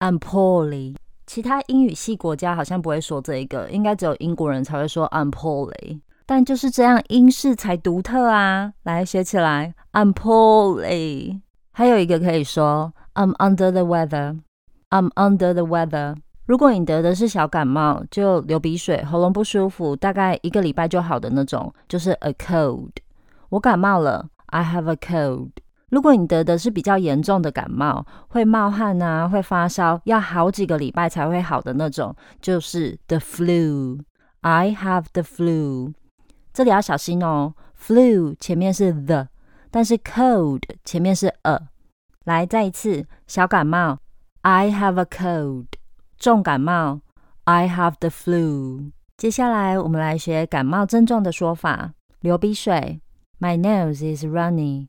I'm poorly。其他英語系國家好像不會說這一個，應該只有英國人才會說 I'm poorly。但就是這樣英式才獨特啊！來學起來，I'm poorly。還有一個可以說 I'm under the weather。I'm under the weather。如果你得的是小感冒，就流鼻水、喉嚨不舒服，大概一個禮拜就好的那種，就是 a cold。我感冒了，I have a cold。如果你得的是比較嚴重的感冒，會冒汗啊，會發燒，要好幾個禮拜才會好的那種，就是 the flu。I have the flu。這裡要小心哦，flu 前面是 the，但是 cold 前面是 a。來，再一次，小感冒，I have a cold。重感冒，I have the flu。接下來我們來學感冒症狀的說法，流鼻水，My nose is runny。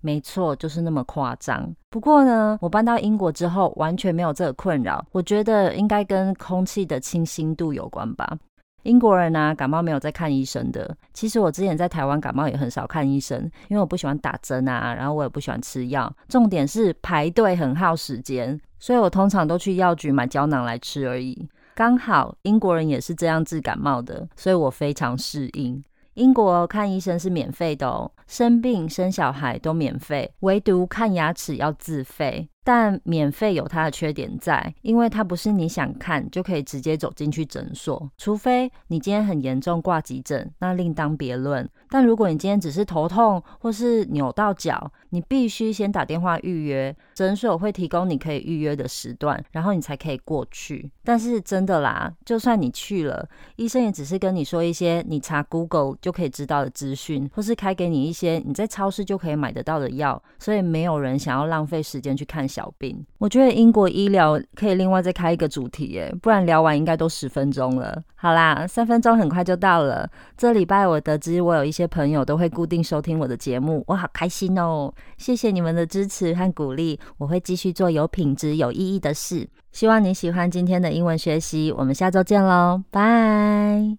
沒錯，就是那麼誇張。不過呢，我搬到英國之後完全沒有這個困擾，我覺得應該跟空氣的清新度有關吧。英國人啊，感冒沒有在看醫生的。其實我之前在台灣感冒也很少看醫生，因為我不喜歡打針啊，然後我也不喜歡吃藥，重點是排隊很耗時間，所以我通常都去藥局買膠囊來吃而已。剛好英國人也是這樣治感冒的，所以我非常適應。英國看醫生是免費的哦，生病生小孩都免費，唯獨看牙齒要自費。但免費有它的缺點在，因為它不是你想看就可以直接走進去診所，除非你今天很嚴重掛急診，那另當別論。但如果你今天只是頭痛或是扭到腳，你必須先打電話預約，診所會提供你可以預約的時段，然後你才可以過去。但是真的啦，就算你去了，醫生也只是跟你說一些你查 Google 就可以知道的資訊，或是開給你一些你在超市就可以買得到的藥。所以沒有人想要浪費時間去看小病。我覺得英國醫療可以另外再開一個主題耶，不然聊完應該都十分鐘了。好啦，三分鐘很快就到了。這禮拜我得知我有一些些朋友都會固定收聽我的節目，我好開心哦！謝謝你們的支持和鼓勵，我會繼續做有品質、有意義的事。希望你喜歡今天的英文學習，我們下周見嘍，拜！